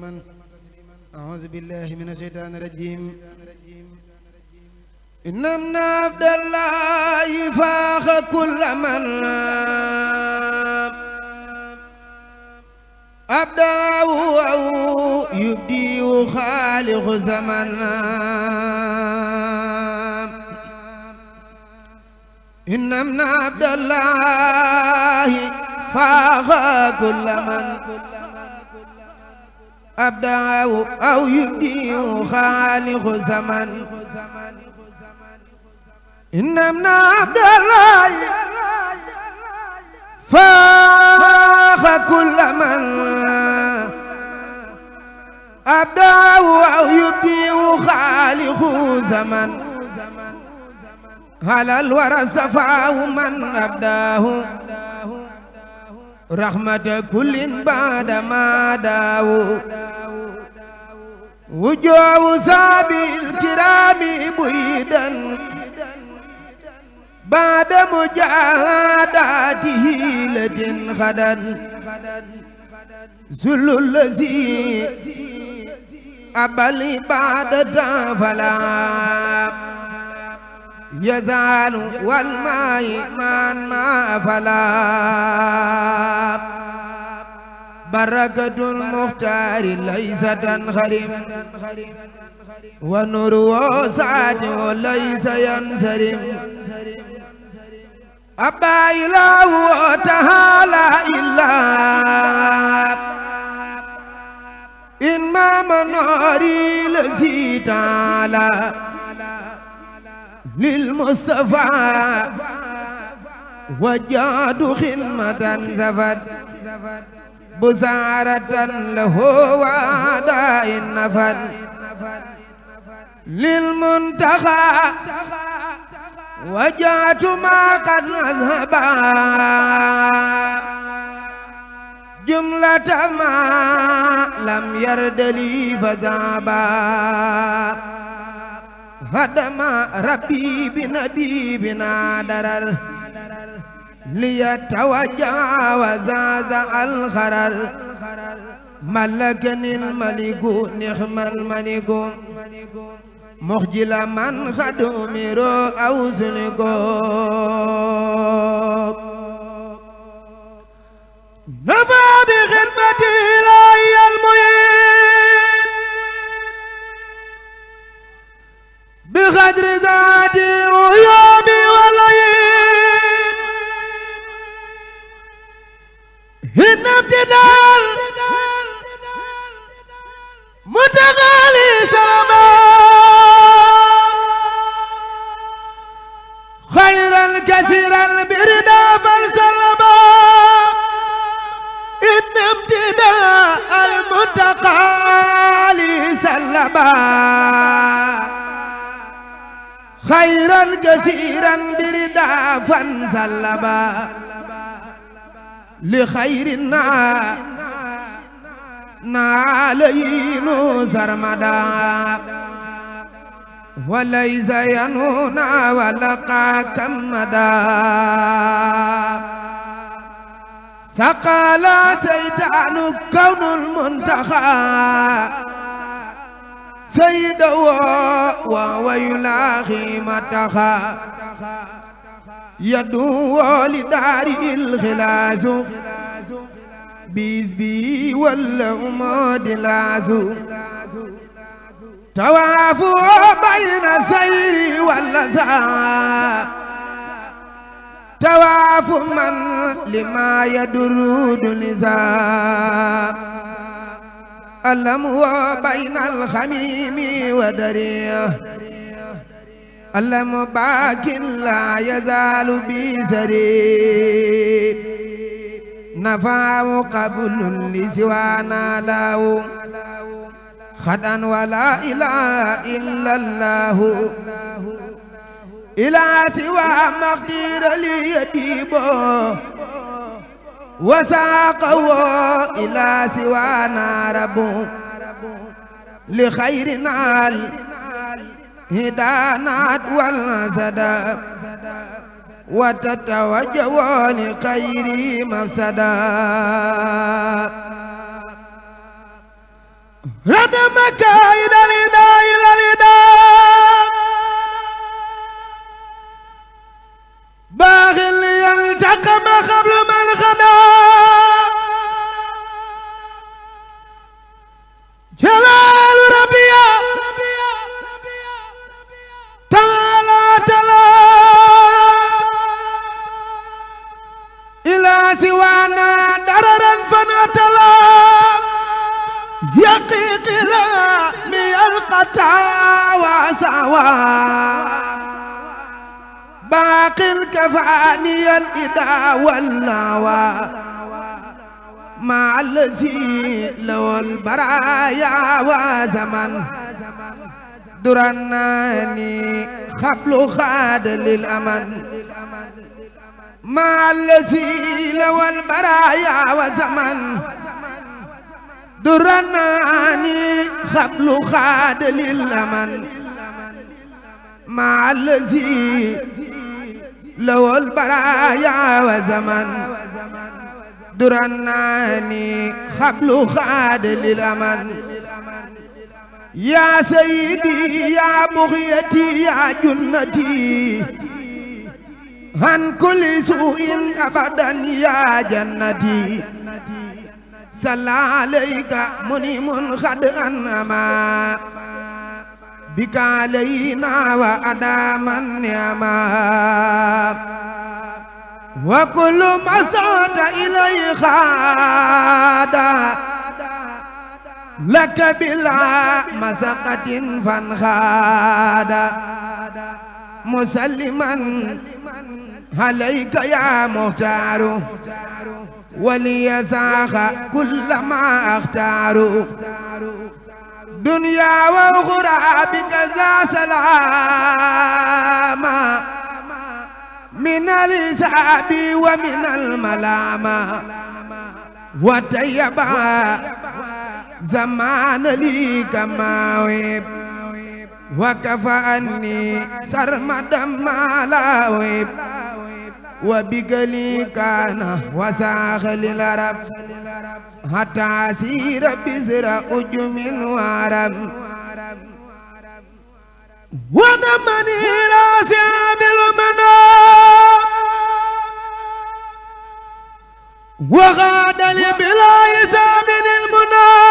تسليما أعوذ بالله من الشيطان الرجيم إن من عبد الله فاخ كل من أبداه أو يبدي خالق زمنا إن من عبد الله فاخ كل من أبدعوا أو يبديوا خالق زمن إن ابن عبد الله فاخ كل من أبدعوا أو يبديوا خالق زمن على الورى صفاه من أبداه رحمة كل بعد ما داو وجوه سابي الكرام بعيدا بعد مجاهداته لدن غدا ذل الذي أبى العبادة فلا يزال والماء من ما فلا بركة المختار ليس تنخرم ونور وسعة ليس ينسرم أبا إله تعالى إلا إن ما مناري لزي تعالى للمصطفى وجاد خدمة زفت بزارة له وعداء النفد للمنتخى وجعت ما قد أذهبا جملة ما لم يرد لي فذهبا هدما ربي بنبي بنا درر ليتوجاوز الخرر ملكني الملك نعم الملك مخجل من خدمر أو زنقوب وليس ينونا ولقاك مدى سقال سيدان كون المنتخى سيد وهو يلاقي متخى يدو لدار الخلاص بيز بي والأمود لازو tawaafu bayna sayri walla saa tawaafu man lima yadurudu nisaa alamu bayna alxamimi wa dariya alamu baakin la yazaalu bi sari nafaawu qabulun li siwaana laawu xadan wala ilaha illa allahu ilaa siwa maqdirali yadibo wasaqawo ilaa siwa naarabu li xayri naal hidaanaat wal sada wa tatawajawo li xayri mafsada ردم كايد الهداء إلى الهداء باغي ليلتقم قبل من غدا سوا باقي الكفاني الإداء والنوى مع الذي لو البرايا وزمن درناني خبل خاد للأمن مع الذي لو البرايا وزمن درناني خبل خاد للأمن مع الذي لو البرايا وزمن درناني خبل خاد للأمن يا سيدي يا بغيتي يا جنتي عن كل سوء أبدا يا جنتي صلى عليك منيم قد أنما بك علينا وأداما نعما وكل ما سعد إليه خادا لك بلا مسقة فانخادا مسلما عليك يا مختار وليساخ كل ما اختار دنيا وأخرى بك ذا سلاما من الحساب ومن الملامة وطيبا زمان لي كما ويب وكفى أني سرمدا ما لا ويب وبكلي كان وساخ للرب حتى سير بزر أجم وعرب ودمني إلى سياب المنى وغاد لي بلا يزامن المنى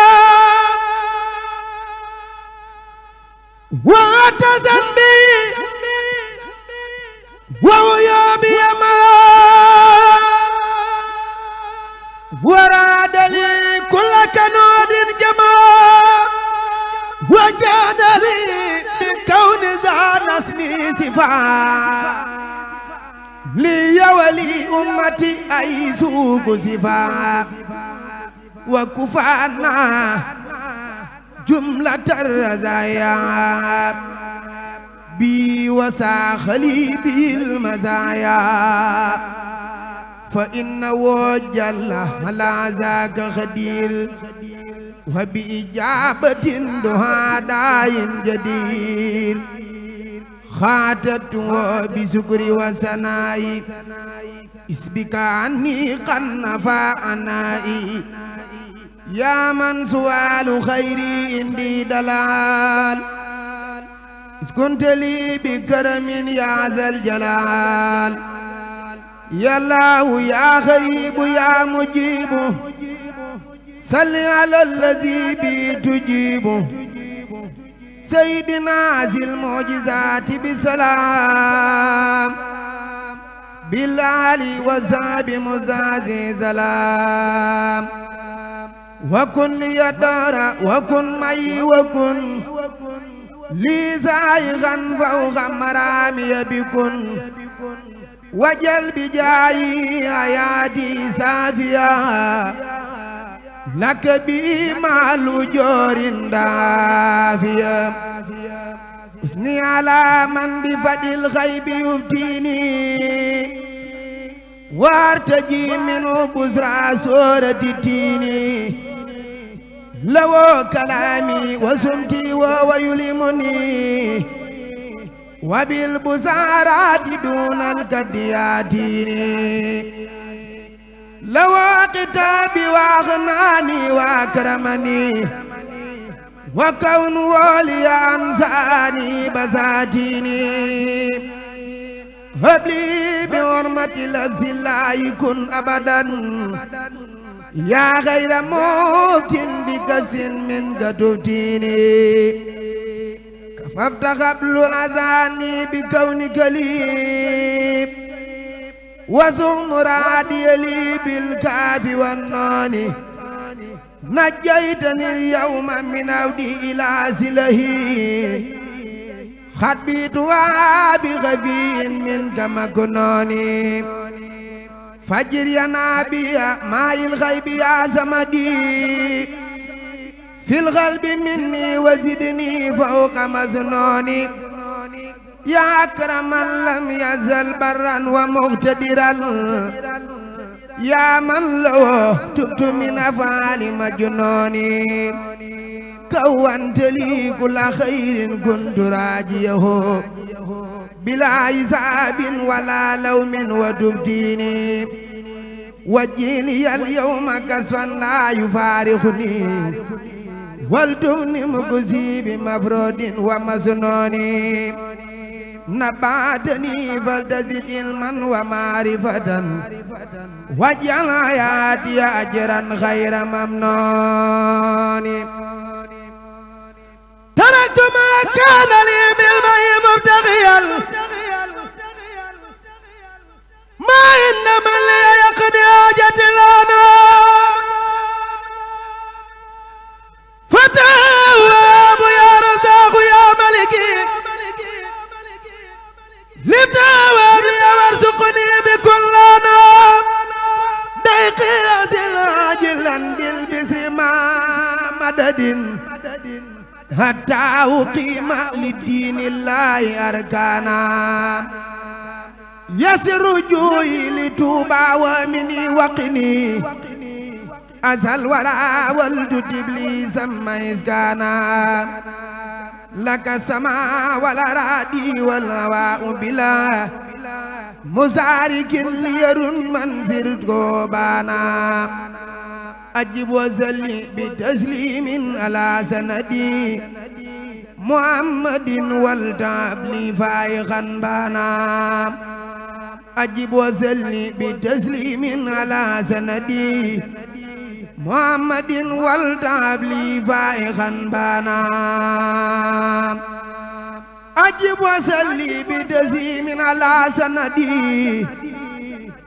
بدلي بكون ذا نسمي صفا لي ولي أمتي أيسوق صفا وكفانا جملة الرزايا بي وساخلي بالمزايا فإنه جل على ذاك خدير وبإجابة دعاء جدير خاطبت بشكر وثناء اسبك عني قد نفع أنائي يا من سؤال خيري عندي دلال إذ كنت لي بكرم يا ذا الجلال يا الله يا خريب يا مجيب salli ala allazi bi tujibu sayyidina zil mu'jizati bi salaam bil ali wa sahbi muzazi salaam wa kun yadara wa kun may wa kun lii zaayigan fawqa marami bi kun wajal bi jaayi ayaati safiya لك بما لجور دافيا أثني على من بفد الغيب يبتيني وارتجي منه بزرع سورة تيني لو كلامي وسمتي وهو يلمني وبالبزارات دون الكدياتيني لوا كتابي واغناني واكرمني وكون ولي انساني بساتيني هب لي بحرمة لفظ لا يكن ابدا يا غير موت بكس من قدوتيني كففت قبل الاذان بكونك لي وزم مرادي لي بالكاف والنان نجيتني اليوم من عودي إلى سله خد بيتها بغبي منك مكنوني فجر يا نبي ماء الغيب يا زمدي في القلب مني وزدني فوق مزنوني يا أكرم من لم يزل برا ومغتبرا يا من لو تبت من أفعال مجنوني كونت لي كل خير كنت راجيه بلا عذاب ولا لوم وتبديني وجيني اليوم كسفا لا يفارقني والدون مكزي بمفرود ومسنوني نبعتني فلتزد علما ومعرفة واجعل حياتي أجرا غير ممنون تركت ما كان لي بالمي مبتغيا أركانا يسر جوي لتوبا ومني وقني أزهل ورا والد إبليس ما إسكانا لك سما ولا رادي والهواء بلا مزارك لير منزر قوبانا أجب وزلي بتسليم على سندي محمد والتابني فايخا بنا أجب وسلني بتسليم على سندي محمد والتابني فايخا بنا أجب وسلني بتسليم على سندي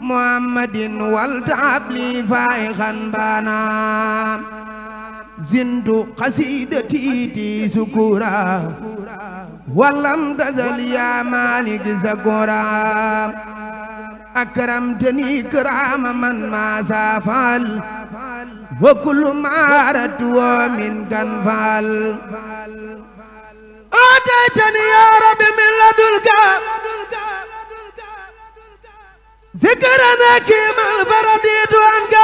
محمد والتابني فايخا بنا zindu xasiidati ti sukura wallam tazal ya malik zakura akramtani kirama man ma safal wa kullu ma aratu min kan fal ataytani ya rabbi min ladunka zikranaki mal faraditu anka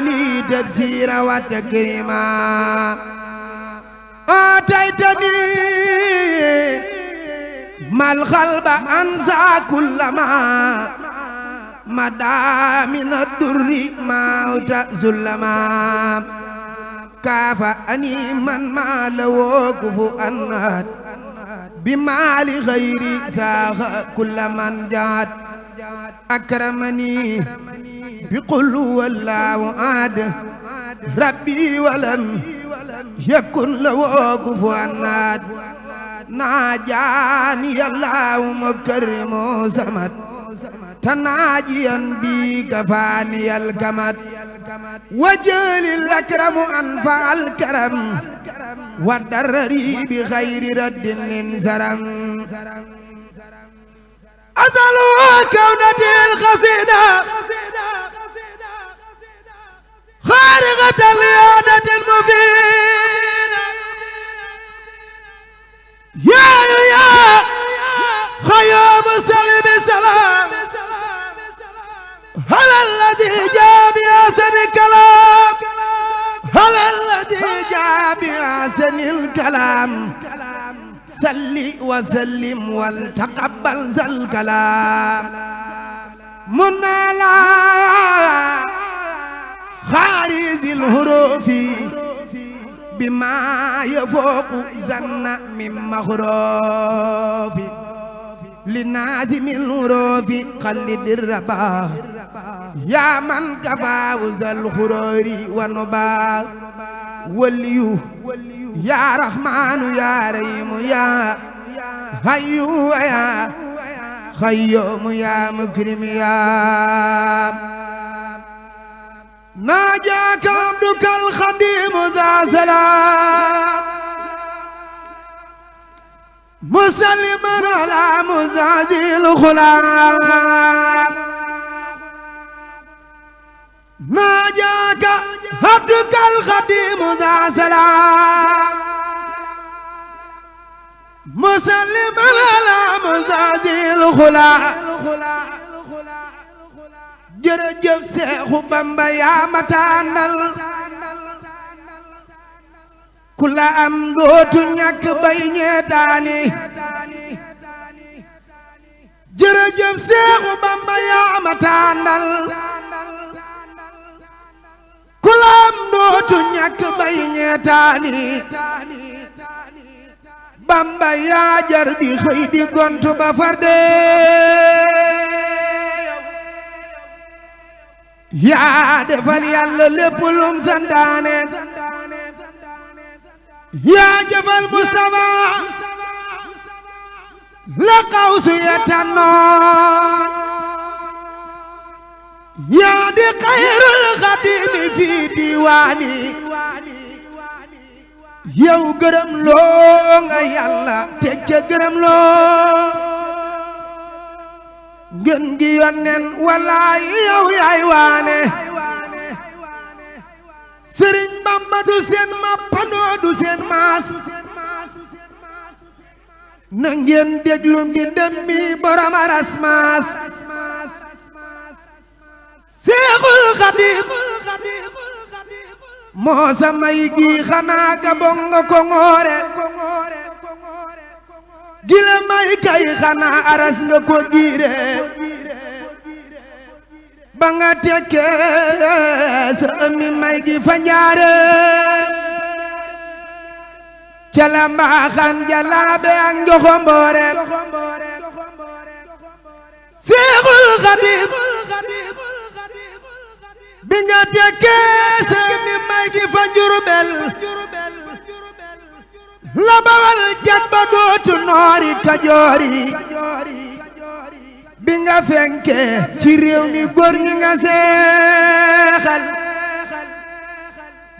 لي تبسير وتكريما آتيتني ما الخلب أنزع كلما مدى من الدر موت ظلما كافأني من ما له كفؤا بمال غيري ساخ كل من جاد أكرمني بقل والله عاد ربي ولم يكن له كفوا احد ناجاني الله مكرم صمد تناجيا بي كفاني الكمد وجل الاكرم انفع الكرم والدرري بخير رد من زرم أزلوا كونتي القصيدة خارغة العادة المبينة يا يا خيام سلم سلام هل الذي جاء بأحسن الكلام هل الذي جاء بأحسن الكلام سلي وسلم والتقبل ذا الكلام بما يفوق زن من مغروف لنازم الهروف قلد الربا يا من كفى وزى الخرور ونبا وليو يا رحمن يا رحيم يا هيو يا خيوم يا مكرم يا ناجاك عبدك الخديم ذا سلام مسلما على مزازي الخلام ناجاك عبدك الخديم ذا سلام مسلما على مزازي الخلام jërëjëf seexu seexu bamba yaa ma ku la am dootu ñàkk bay ñee bamba yaa jar bi xëy ba far yaa defal yàlla lépp lum santaane yaa jëfal Mustafa la xawsu ya tànnoon yaa di xayrul xadimi fii diwaani yow gërëm loo nga yàlla te ca gërëm loo gën gi yonnen walaay yow yaay waane sëriñ bamba du seen mappandoo du seen maas na ngeen déglu mi dem mi borom aras maas seexul xadiim moo sa may gi xanaa ga bongo ko ngoore gila may kay xanaa aras nga ko giire ba nga tekke sa ëmmi may gi fa njaare ca la mbaaxan ak njoxomboore seexul xadib bi nga tekke sa ëmmi may gi fa njurubel la bawal jag ba dootu noori kajoori bi nga fenkee ci réew mi góor ñi nga seexal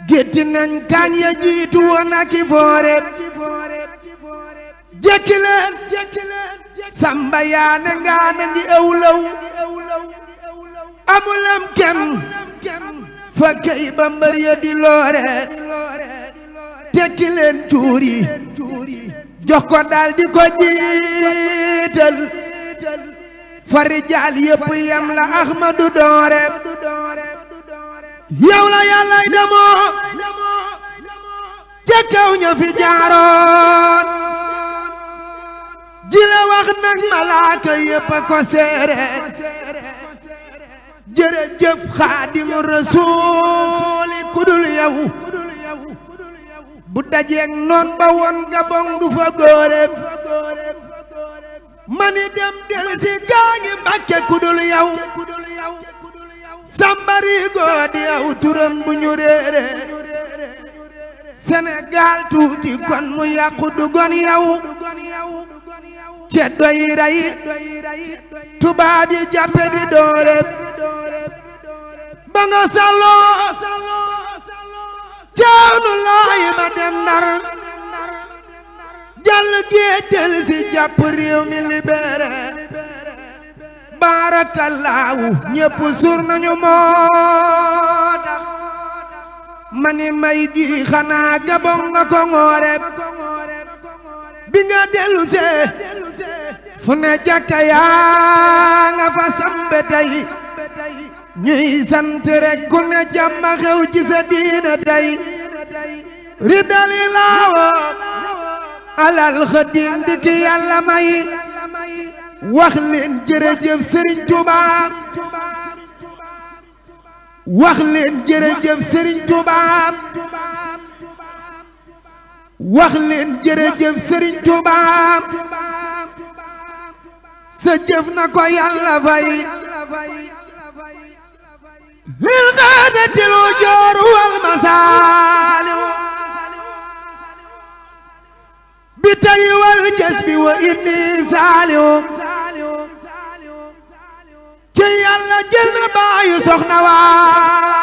gétti nañ kañ ya jiitu woon ak foore jekki samba yaa ne ngaa na ngi ewlaw amulam kem fa kay ba mbër ya di loore tekki leen tuur yi jox ko daal di ko jiital farijaal yépp yam la ahmadu doore yow la yàllay demoo ca kaw ña fi jaaroon ji la wax nag malaaka yépp a ko seere jërëjëf xaadimu rasuuli kudul yow bu dajeeg noon ba woon gabon du fa góoreem mani dem del si gaa ngi mbàkke kudul yow sambari goo di turam bu ñu Sénégal tuuti kon mu yàqu du gon yow ceddo yi tubaab yi jàppe di dooreem ba nga saloo Ceerno Laay ma dem Ndar jàll géej del si jàpp réew mi libéré baarakallaahu ñépp suur nañu moo may gi xanaa gabon nga ko ngooreeb bi nga dellu fu ne jàkka yaa nga fa sambe ñuy sant ku ne jàmm xew ci sa diina day ridali alal xadim di ki may wax leen jërëjëf Serigne Touba wax leen jërëjëf Serigne Touba wax jëf na ko yàlla fay lil xaadati lu joor wal masaaliw bi tay wal jas bi wa inni saaliw ci yàlla jël na baayu soxna waa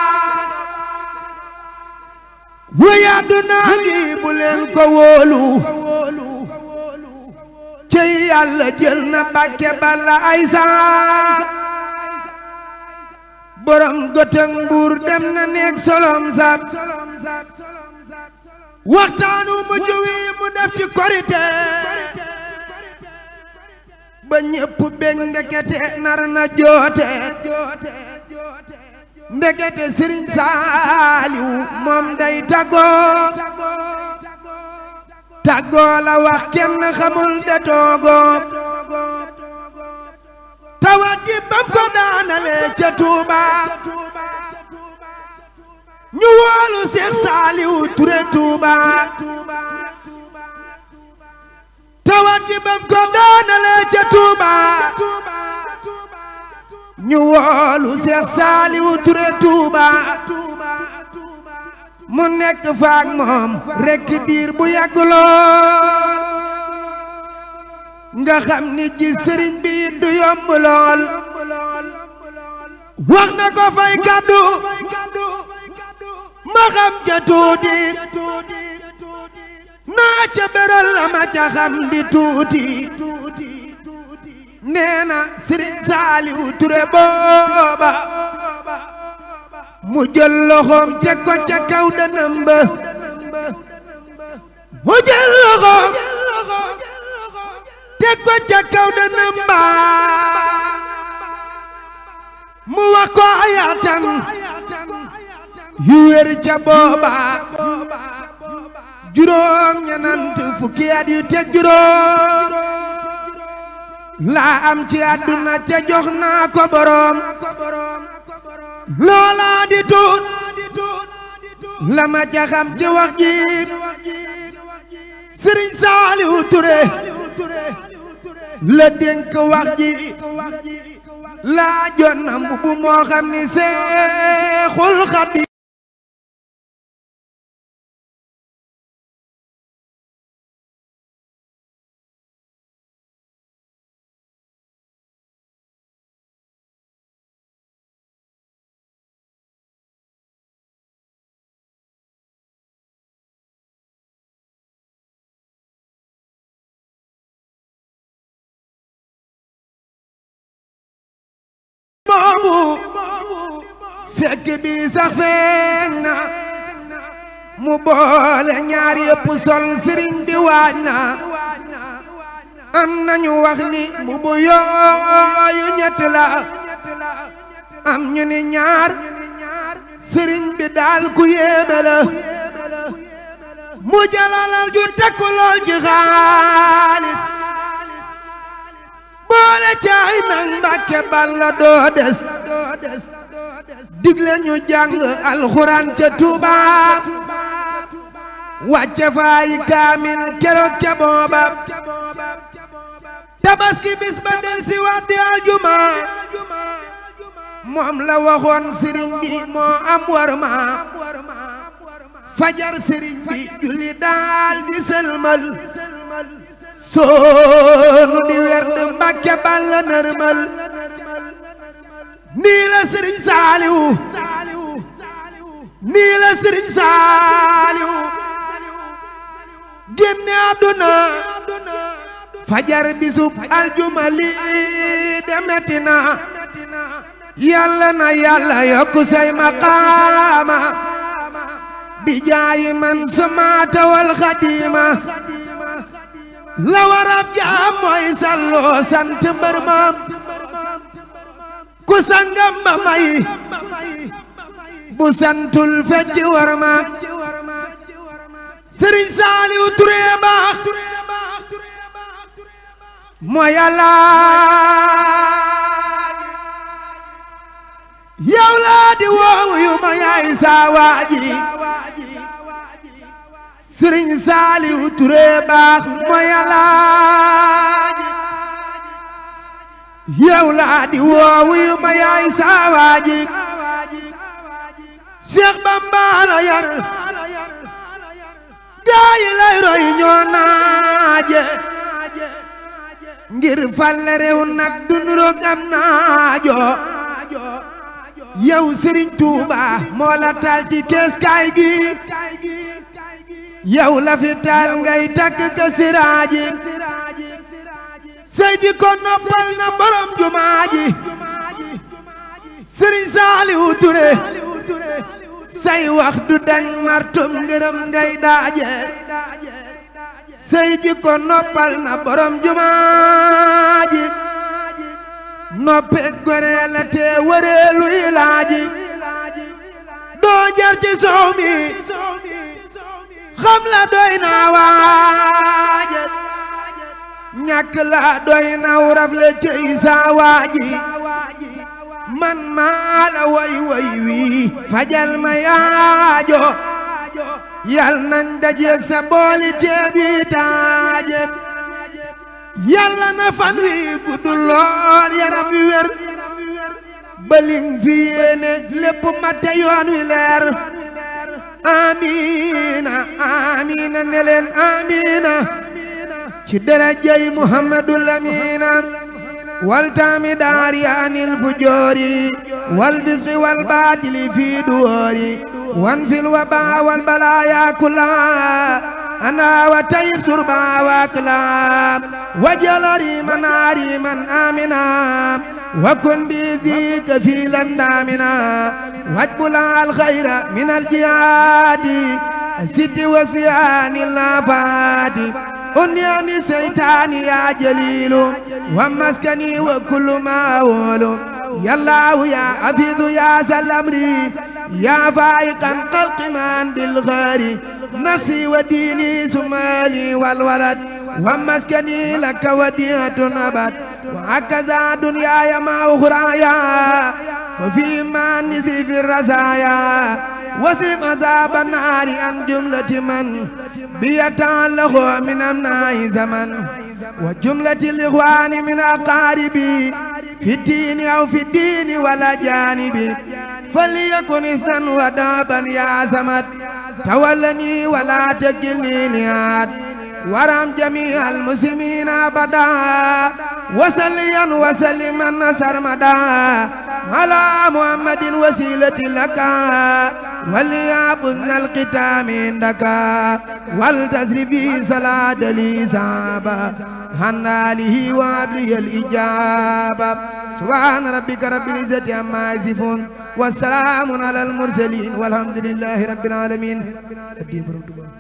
wayaadu naa ngi bu leen ko wóolu ci yàlla jël na mbàkke bala ay saa borom goteeg mbuur dem na néeg solom saak waxtaanu mu juwi korite ba ñépp bég ndekete nar na joote ndekete sëriñ saaliw moom day tàggoo tàggoo la wax kenn xamul de toogoo tawat ji ca Touba ñu wóolu Seex Saaliwu Ture Touba tawat ji bam ko doonalee ca Touba ñu wóolu Seex Saaliwu mu nekk faak moom rekk diir bu yàgg lool nga xam ni ji sëriñ bi du yomb lool wax na ko fay kàddu ma xam ca tuuti naa ca beral la ma ca xam di tuuti nee na Serigne Saliou booba mu jël loxoom teg ko ca kaw dënam mu jël loxoom teg ko ca kaw dënam wax ko ayaatan yu wér ca booba juróom ñenant fukki at yu te juróom laa am ci àdduna te jox naa ko boroom loola di tuut la ma ca ci wax ji Sëriñ Saaliw Ture la dénk wax laajoon na mbubb moo xam ni Seexul Xadiim fekk bi sax feeñ na mu boole ñaar yëpp sol sëriñ bi na am nañu wax ni mbubu yooyu ñett la am ñu ni ñaar sëriñ bi daal ku yéeme la mu jëlalal ju takku xaalis boole caay nag mbàkke bal la digle ñu jàng alxuraan ca Touba wàcce faayi kaamil keroog ca booba tabaski bis del si waat di aljuma moom la waxoon sëriñ bi moo am warma fajar sëriñ bi julli daal di sëlmal soonu di werd Mbàkke balla nërmal nii la sëriñ saaliwu nii la sëriñ saaliwu génne àdduna fajar bisub aljuma li demeti na yàlla na yàlla yokku say maqaama bi jaayi man sumaata wal xadiima la warab jaam mooy salloo sant mbër maam ku sangam ba may bu santul fecc war ma Serigne Saliou Touré baax mooy yàlla yow laa di woowu yu ma yaay saa waajiri Serigne Saliou Touré baax mooy yàlla yow laa di woo wuyu ma yaay saa Seex Bamba yar gaay lay roy ngir falle réew nag dunduroog am naajo yow Sëriñ Tuuba moo la taal ci kees kaay ngay takk ka siraaji sey ji ko Touré say wax martum ngërëm ngay daaje say noppal na borom jumaa ji noppe goree la laaji doo jar ci soow mi xam la doy na waaje ñàkk la doy na wraf le ci saa waaji man maa way way wii fajal ma yaajo yal nañ dajeeg sa booli ceeb yi taaje yàlla na fan yaram wi wér baling fi yéene lépp mate yoon wi leer amiina amiina ne amiina ci darajay Muhammadul Amiina والتام داري عن الفجور والفسق والباطل في دوري وانفي الوباء والبلايا كلها أنا وتيب سربا وأكلام وجل ريما ريما آمنا وكن بذي كفيلا دامنا واجبلا الخير من الجهاد سد وفي عن الآفات ونعم سيطان يا جليل ومسكني وكل ما أول يا الله يا حفيظ يا سلمري يا فائقا خلق من بالغار نفسي وديني سمالي والولد ومسكني لك وديعة أبد وهكذا دنياي ما أخرايا وفي ما نسي في الرزايا وسلم عذاب النار عن جملة من بيتعله من أمناء زمن وجملة الإخوان من أقاربي في الدين أو في الدين ولا جانب فليكن إسنا ودابا يا سمد تولني ولا تجلني لعاد ورم جميع المسلمين أبدا وسليا وسلما سرمدا على محمد وسيلة لك وليابن القتام دكا والتسري صلاة لي صابا هنا له وابلي الإجابة سبحان ربك رب العزة عما يصفون والسلام على المرسلين والحمد لله رب العالمين